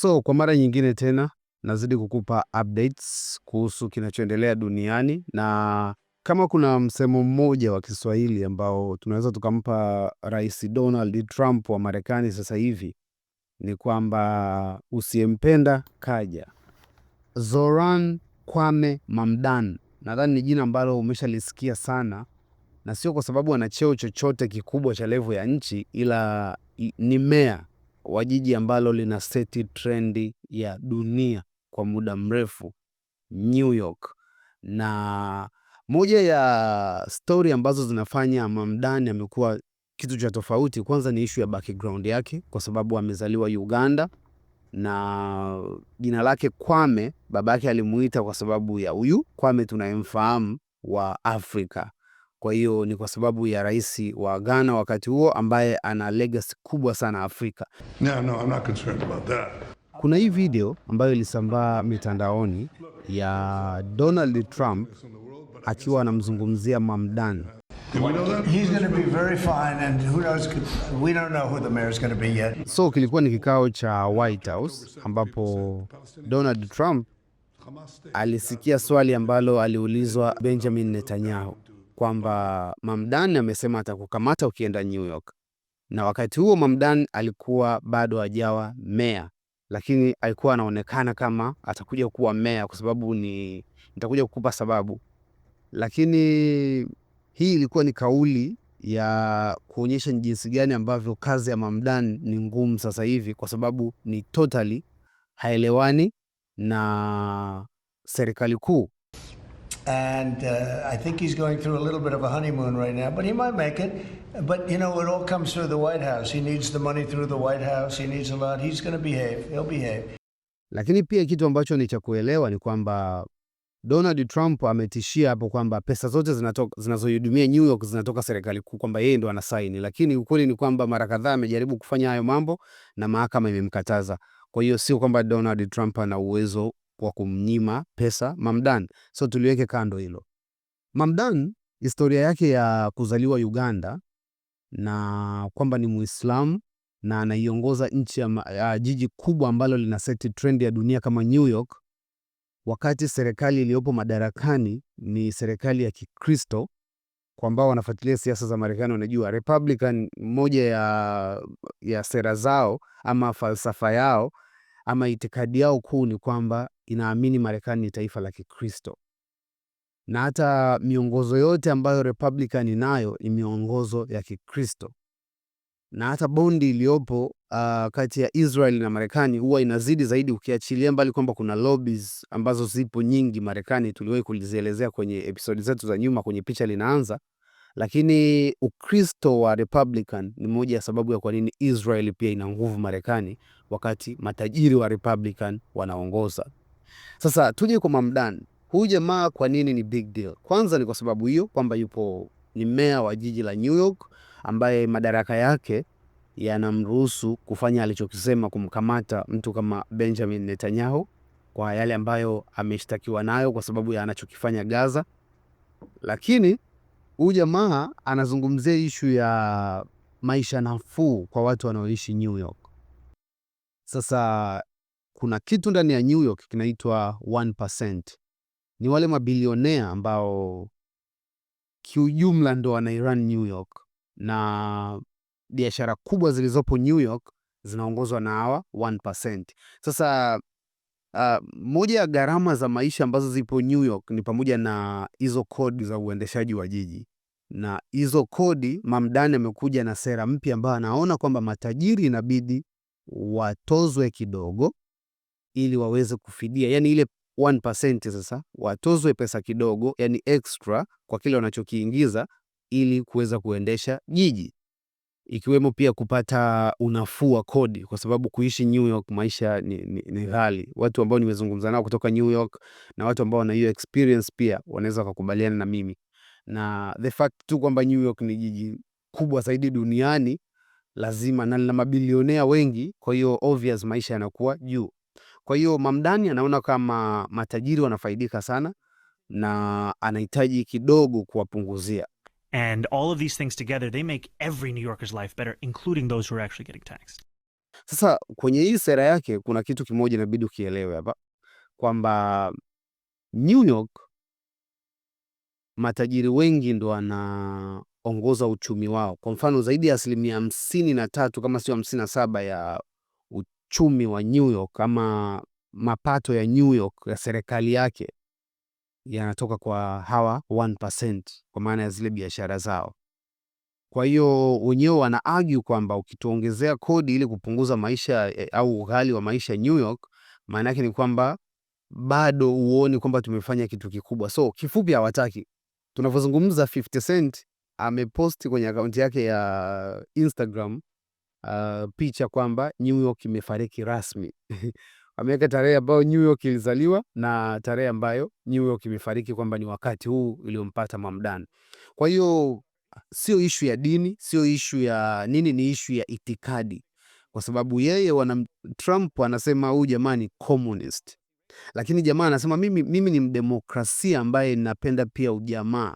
So kwa mara nyingine tena nazidi kukupa updates kuhusu kinachoendelea duniani, na kama kuna msemo mmoja wa Kiswahili ambao tunaweza tukampa Rais Donald Trump wa Marekani sasa hivi ni kwamba usiyempenda kaja. Zoran Kwame mamdan nadhani ni jina ambalo umeshalisikia sana, na sio kwa sababu ana cheo chochote kikubwa cha levo ya nchi, ila ni meya wa jiji ambalo lina seti trendi ya dunia kwa muda mrefu, New York. Na moja ya stori ambazo zinafanya Mamdani amekuwa kitu cha tofauti, kwanza ni ishu ya background yake, kwa sababu amezaliwa Uganda na jina lake Kwame yake alimuita kwa sababu ya huyu Kwame tunayemfahamu wa Afrika kwa hiyo ni kwa sababu ya rais wa Ghana wakati huo ambaye ana legacy kubwa sana Afrika. No, no, I'm not concerned about that. Kuna hii video ambayo ilisambaa mitandaoni ya Donald Trump akiwa anamzungumzia Mamdan. So kilikuwa ni kikao cha White House ambapo Donald Trump alisikia swali ambalo aliulizwa Benjamin Netanyahu kwamba Mamdan amesema atakukamata ukienda New York, na wakati huo Mamdan alikuwa bado hajawa meya, lakini alikuwa anaonekana kama atakuja kuwa meya, kwa sababu ni nitakuja kukupa sababu. Lakini hii ilikuwa ni kauli ya kuonyesha ni jinsi gani ambavyo kazi ya Mamdan ni ngumu sasa hivi, kwa sababu ni totally haelewani na serikali kuu and uh, I think he's going through a little bit of a honeymoon right now, but he might make it. But you know, it all comes through the White House. He needs the money through the White House. He needs a lot. He's going to behave. He'll behave. Lakini pia kitu ambacho ni cha kuelewa ni kwamba Donald Trump ametishia hapo kwamba pesa zote zinazohudumia New York zinatoka serikali kuu, kwamba yeye ndo anasaini, lakini ukweli ni kwamba mara kadhaa amejaribu kufanya hayo mambo na mahakama imemkataza. Kwa hiyo sio kwamba Donald Trump ana uwezo kwa kumnyima pesa Mamdan. So tuliweke kando hilo. Mamdan historia yake ya kuzaliwa Uganda na kwamba ni Muislamu na anaiongoza nchi ya, jiji kubwa ambalo lina set trend ya dunia kama New York, wakati serikali iliyopo madarakani ni serikali ya Kikristo. Kwa ambao wanafuatilia siasa za Marekani wanajua Republican, moja ya, ya sera zao ama falsafa yao ama itikadi yao kuu ni kwamba inaamini Marekani ni taifa la Kikristo, na hata miongozo yote ambayo Republican inayo ni miongozo ya Kikristo, na hata bondi iliyopo uh, kati ya Israel na Marekani huwa inazidi zaidi, ukiachilia mbali kwamba kuna lobbies ambazo zipo nyingi Marekani. Tuliwahi kulizielezea kwenye episodi zetu za nyuma, kwenye picha linaanza lakini Ukristo wa Republican ni moja ya sababu ya kwa nini Israel pia ina nguvu Marekani, wakati matajiri wa Republican wanaongoza. Sasa tuje kwa Mamdan. Huyu jamaa kwa nini ni big deal? Kwanza ni kwa sababu hiyo kwamba yupo, ni meya wa jiji la New York ambaye madaraka yake yanamruhusu kufanya alichokisema, kumkamata mtu kama Benjamin Netanyahu kwa yale ambayo ameshtakiwa nayo kwa sababu ya anachokifanya Gaza, lakini Huyu jamaa anazungumzia ishu ya maisha nafuu kwa watu wanaoishi New York. Sasa kuna kitu ndani ya New York kinaitwa 1%. Ni wale mabilionea ambao kiujumla ndo wanairan New York na biashara kubwa zilizopo New York zinaongozwa na hawa 1%. Sasa Uh, moja ya gharama za maisha ambazo zipo New York ni pamoja na hizo kodi za uendeshaji wa jiji na hizo kodi, Mamdani amekuja na sera mpya ambayo anaona kwamba matajiri inabidi watozwe kidogo ili waweze kufidia, yani ile 1% sasa watozwe pesa kidogo, yani extra kwa kile wanachokiingiza ili kuweza kuendesha jiji ikiwemo pia kupata unafuu wa kodi, kwa sababu kuishi New York maisha ni, ni, ni ghali. Watu ambao nimezungumza nao kutoka New York na watu ambao wana hiyo experience pia wanaweza wakakubaliana na mimi, na the fact tu kwamba New York ni jiji kubwa zaidi duniani lazima na lina mabilionea wengi, kwa hiyo obvious maisha yanakuwa juu. Kwa hiyo Mamdani anaona kama matajiri wanafaidika sana na anahitaji kidogo kuwapunguzia. And all of these things together, they make every New Yorker's life better, including those who are actually getting taxed. Sasa kwenye hii sera yake kuna kitu kimoja inabidi ukielewe hapa kwamba New York matajiri wengi ndo wanaongoza uchumi wao. Kwa mfano zaidi ya asilimia hamsini na tatu kama sio hamsini na saba ya uchumi wa New York ama mapato ya New York ya serikali yake yanatoka kwa hawa 1% kwa maana ya zile biashara zao. Kwa hiyo wenyewe wana argue kwamba ukituongezea kodi ili kupunguza maisha eh, au ughali wa maisha New York, maana yake ni kwamba bado uoni kwamba tumefanya kitu kikubwa. So kifupi, hawataki. Tunavyozungumza 50 Cent ameposti kwenye akaunti yake ya Instagram uh, picha kwamba New York imefariki rasmi ameweka tarehe ambayo New York ilizaliwa na tarehe ambayo New York imefariki, kwamba ni wakati huu iliyompata Mamdan. Kwa hiyo sio ishu ya dini, sio ishu ya nini, ni ishu ya itikadi, kwa sababu yeye wana Trump anasema huyu jamani communist, lakini jamaa anasema mimi, mimi ni mdemokrasia ambaye napenda pia ujamaa.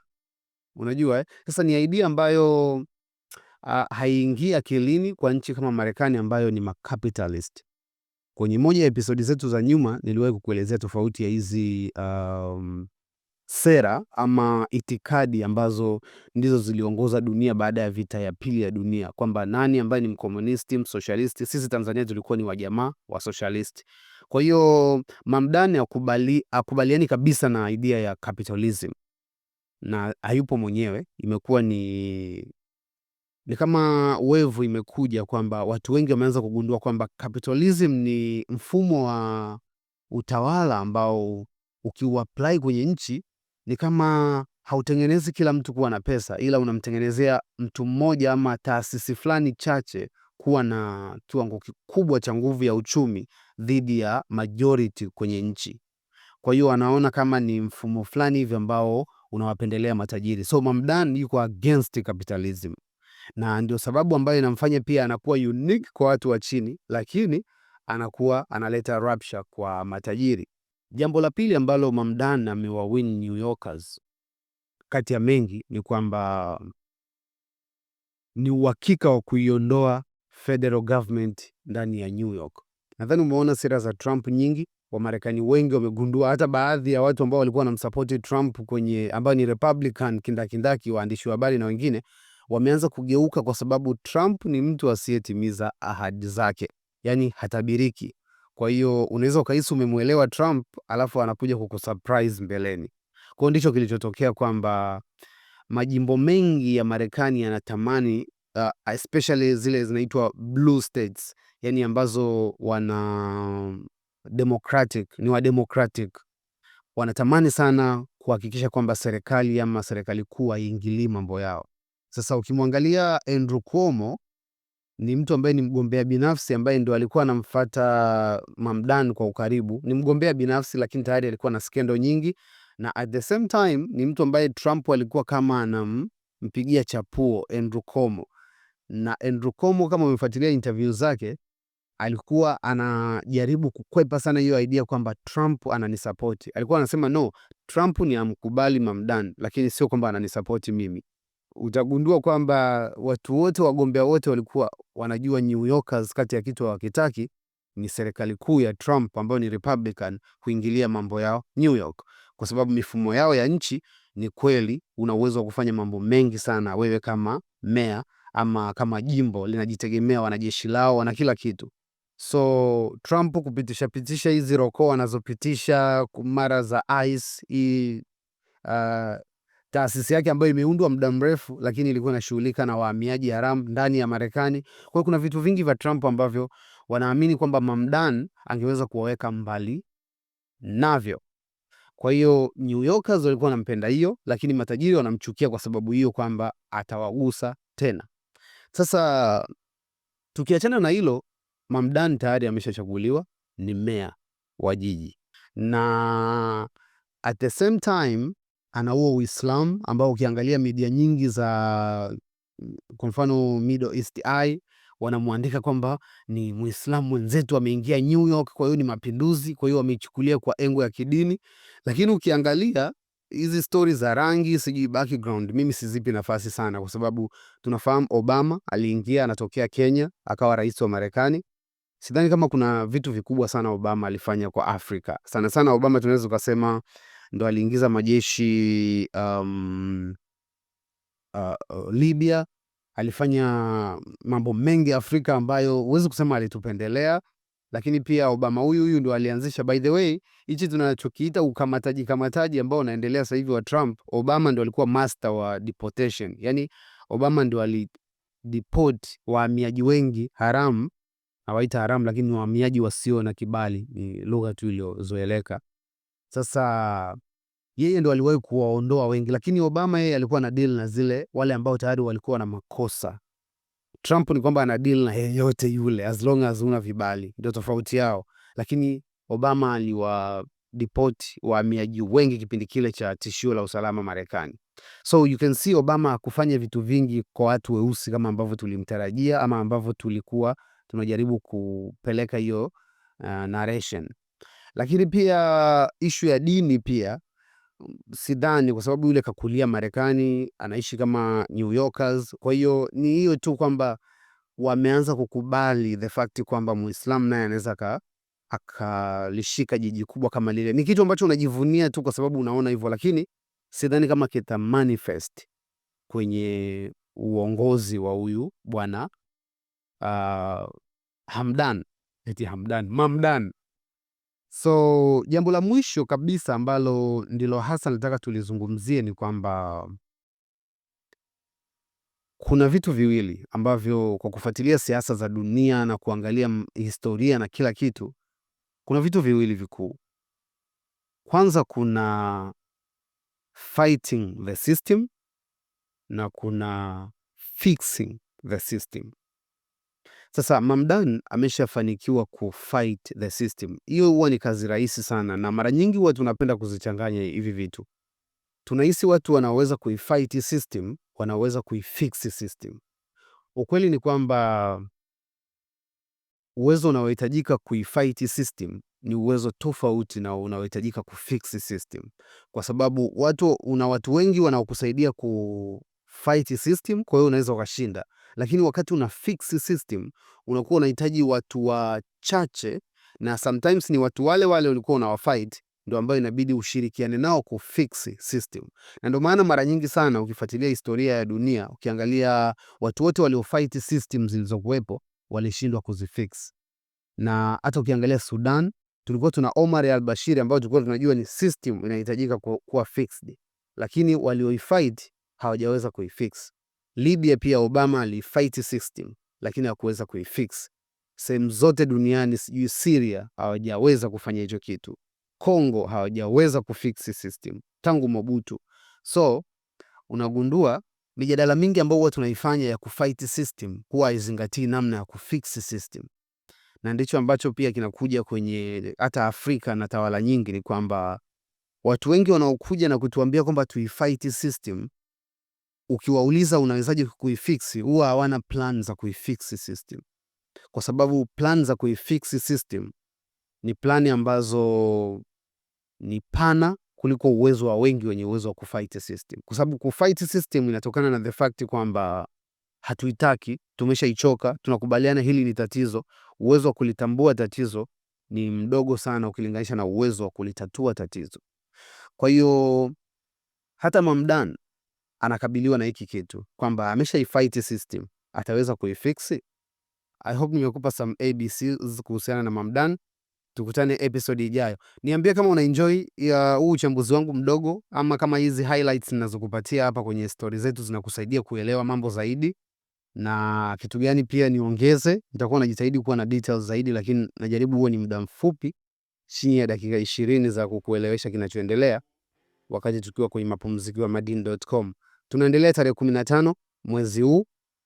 Unajua eh? Sasa ni idea ambayo uh, haiingii akilini kwa nchi kama Marekani ambayo ni macapitalist Kwenye moja ya episodi zetu za nyuma niliwahi kukuelezea tofauti ya hizi um, sera ama itikadi ambazo ndizo ziliongoza dunia baada ya vita ya pili ya dunia, kwamba nani ambaye ni mkomunisti, msosialisti. Sisi Tanzania tulikuwa ni wajamaa wa sosialisti. Kwa hiyo Mamdani akubali, akubaliani kabisa na idea ya capitalism na hayupo mwenyewe, imekuwa ni ni kama wevu imekuja kwamba watu wengi wameanza kugundua kwamba capitalism ni mfumo wa utawala ambao ukiuapply kwenye nchi ni kama hautengenezi kila mtu kuwa na pesa, ila unamtengenezea mtu mmoja ama taasisi fulani chache kuwa na kiwango kikubwa cha nguvu ya uchumi dhidi ya majority kwenye nchi. Kwa hiyo wanaona kama ni mfumo fulani hivi ambao unawapendelea matajiri. So Mamdan yuko against capitalism na ndio sababu ambayo inamfanya pia anakuwa unique kwa watu wa chini, lakini anakuwa analeta rapture kwa matajiri. Jambo la pili ambalo Mamdan amewawin New Yorkers kati ya mengi ni kwamba ni uhakika wa kuiondoa federal government ndani ya New York. Nadhani umeona sera za Trump nyingi, Wamarekani wengi wamegundua, hata baadhi ya watu ambao walikuwa wanamsapoti Trump kwenye ambao ni Republican kindakindaki, waandishi wa habari na wengine wameanza kugeuka, kwa sababu Trump ni mtu asiyetimiza ahadi zake, yani hatabiriki. Kwa hiyo unaweza ukahisi umemwelewa Trump alafu anakuja kukusurprise mbeleni. Kwa ndicho kilichotokea kwamba majimbo mengi ya Marekani yanatamani uh, especially zile zinaitwa blue states, yani ambazo wana um, democratic ni wa democratic wanatamani sana kuhakikisha kwamba serikali ama serikali kuu haiingilii mambo yao. Sasa ukimwangalia Andrew Cuomo ni mtu ambaye ni mgombea binafsi ambaye ndo alikuwa anamfuata Mamdan kwa ukaribu. Ni mgombea binafsi lakini tayari alikuwa na skendo nyingi, na at the same time ni mtu ambaye Trump alikuwa kama anampigia chapuo Andrew Cuomo, na Andrew Cuomo kama umefuatilia interview zake alikuwa anajaribu kukwepa sana hiyo idea kwamba Trump ananisapoti. Alikuwa anasema no, Trump ni amkubali Mamdan, lakini sio kwamba ananisapoti mimi utagundua kwamba watu wote wagombea wote walikuwa wanajua New Yorkers, kati ya kitu hawakitaki ni serikali kuu ya Trump ambayo ni Republican kuingilia mambo yao New York, kwa sababu mifumo yao ya nchi ni kweli, una uwezo wa kufanya mambo mengi sana wewe kama meya ama kama jimbo linajitegemea, wanajeshi lao wana kila kitu. So Trump kupitisha pitisha hizi roko wanazopitisha mara za ICE hii uh, taasisi yake ambayo imeundwa muda mrefu, lakini ilikuwa inashughulika na wahamiaji haramu ndani ya Marekani. Kwa hiyo kuna vitu vingi vya Trump ambavyo wanaamini kwamba Mamdan angeweza kuwaweka mbali navyo. Kwa hiyo New Yorkers walikuwa wanampenda hiyo, lakini matajiri wanamchukia kwa sababu hiyo, kwamba atawagusa tena. Sasa tukiachana na hilo, Mamdan tayari ameshachaguliwa, ni meya wa jiji na at the same time ana huo Uislamu ambao ukiangalia media nyingi za kwa mfano Middle East Eye wanamwandika kwamba ni Mwislamu mwenzetu ameingia New York, kwa hiyo ni mapinduzi, kwa hiyo wameichukulia kwa engo ya kidini. Lakini ukiangalia hizi stori za rangi, sijui background, mimi sizipi nafasi sana, kwa sababu tunafahamu Obama aliingia anatokea Kenya akawa rais wa Marekani. Sidhani kama kuna vitu vikubwa sana Obama alifanya kwa Afrika. Sana sana Obama tunaweza ukasema ndo aliingiza majeshi um, uh, uh, Libya. Alifanya mambo mengi Afrika ambayo huwezi kusema alitupendelea, lakini pia Obama huyu huyu ndo alianzisha. By the way, hichi tunachokiita ukamataji kamataji ambao unaendelea sasa hivi wa Trump, Obama ndo alikuwa master wa deportation. Yani Obama ndo alideport wahamiaji wengi haramu, hawaita haramu, lakini wahamiaji wasio na kibali, ni lugha tu iliyozoeleka. Sasa yeye ndo aliwahi kuwaondoa wengi, lakini Obama yeye alikuwa na deal na zile wale ambao tayari walikuwa na makosa. Trump ni kwamba ana deal na yeyote yule as long as una vibali, ndio tofauti yao. Lakini Obama aliwa deport wahamiaji wengi kipindi kile cha tishio la usalama Marekani. So you can see Obama akufanya vitu vingi kwa watu weusi kama ambavyo tulimtarajia ama ambavyo tulikuwa tunajaribu kupeleka hiyo uh, narration. Lakini pia ishu ya dini pia sidhani, kwa sababu yule kakulia Marekani, anaishi kama New Yorkers. Kwa hiyo ni hiyo tu kwamba wameanza kukubali the fact kwamba Muislamu naye anaweza akalishika jiji kubwa kama lile. Ni kitu ambacho unajivunia tu kwa sababu unaona hivyo, lakini sidhani kama kita manifest kwenye uongozi wa huyu bwana uh, Hamdan eti Hamdan Mamdan So jambo la mwisho kabisa ambalo ndilo hasa nataka tulizungumzie ni kwamba kuna vitu viwili ambavyo kwa kufuatilia siasa za dunia na kuangalia historia na kila kitu, kuna vitu viwili vikuu. Kwanza kuna fighting the system na kuna fixing the system. Sasa Mamdan ameshafanikiwa kufight the system. Hiyo huwa ni kazi rahisi sana, na mara nyingi huwa tunapenda kuzichanganya hivi vitu. Tunahisi watu wanaweza kuifight system wanaweza kuifix system. Ukweli ni kwamba uwezo unaohitajika kuifight system ni uwezo tofauti na unaohitajika kufix system, kwa sababu watu una watu wengi wanaokusaidia kufight system, kwa hiyo unaweza ukashinda lakini wakati una fix system unakuwa unahitaji watu wachache, na sometimes ni watu wale wale ulikuwa unawafight ndo ambayo inabidi ushirikiane nao ku fix system. Na ndio maana mara nyingi sana ukifuatilia historia ya dunia, ukiangalia watu wote walio fight systems zilizokuwepo walishindwa kuzifix. Na hata ukiangalia Sudan, tulikuwa tuna Omar al-Bashir ambao tulikuwa tunajua ni system inahitajika kuwa fixed, lakini walioifight hawajaweza kuifix. Libya pia Obama alifight system lakini hakuweza kuifix. Sehemu zote duniani, sijui Syria hawajaweza kufanya hicho kitu, Kongo hawajaweza kufix system tangu Mobutu. So unagundua mijadala mingi ambayo huwa tunaifanya ya kufight system huwa haizingatii namna ya kufix system, na ndicho ambacho pia kinakuja kwenye hata Afrika na tawala nyingi, ni kwamba watu wengi wanaokuja na kutuambia kwamba tuifight system ukiwauliza unawezaje kuifix, huwa hawana plan za kuifix system, kwa sababu plan za kuifix system ni plani ambazo ni pana kuliko uwezo wa wengi wenye uwezo wa kufight system, kwa sababu kufight system inatokana na the fact kwamba hatuitaki, tumeshaichoka, tunakubaliana hili ni tatizo. Uwezo wa kulitambua tatizo ni mdogo sana ukilinganisha na uwezo wa kulitatua tatizo. Kwa hiyo hata Mamdan anakabiliwa na hiki kitu kwamba ameshaifight system, ataweza kuifix. I hope nimekupa some abcs kuhusiana na Mamdan. Tukutane episode ijayo, niambie kama una enjoy huu uchambuzi wangu mdogo, ama kama hizi highlights ninazokupatia hapa kwenye stori zetu zinakusaidia kuelewa mambo zaidi, na kitu gani pia niongeze. Nitakuwa najitahidi kuwa na details zaidi, lakini najaribu huo ni muda mfupi, chini ya dakika ishirini za kukuelewesha kinachoendelea wakati tukiwa kwenye mapumziko ya madini.com. Tunaendelea tarehe kumi na tano mwezi huu,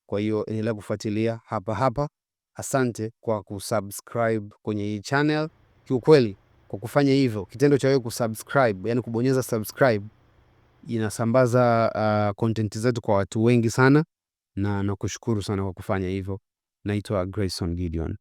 kwa hiyo endelea kufuatilia hapa hapa. Asante kwa kusubscribe kwenye hii channel. Kiukweli, kwa kufanya hivyo, kitendo cha wewe kusubscribe, yani kubonyeza subscribe, inasambaza uh, content zetu kwa watu wengi sana, na nakushukuru sana kwa kufanya hivyo. Naitwa Grayson Gideon.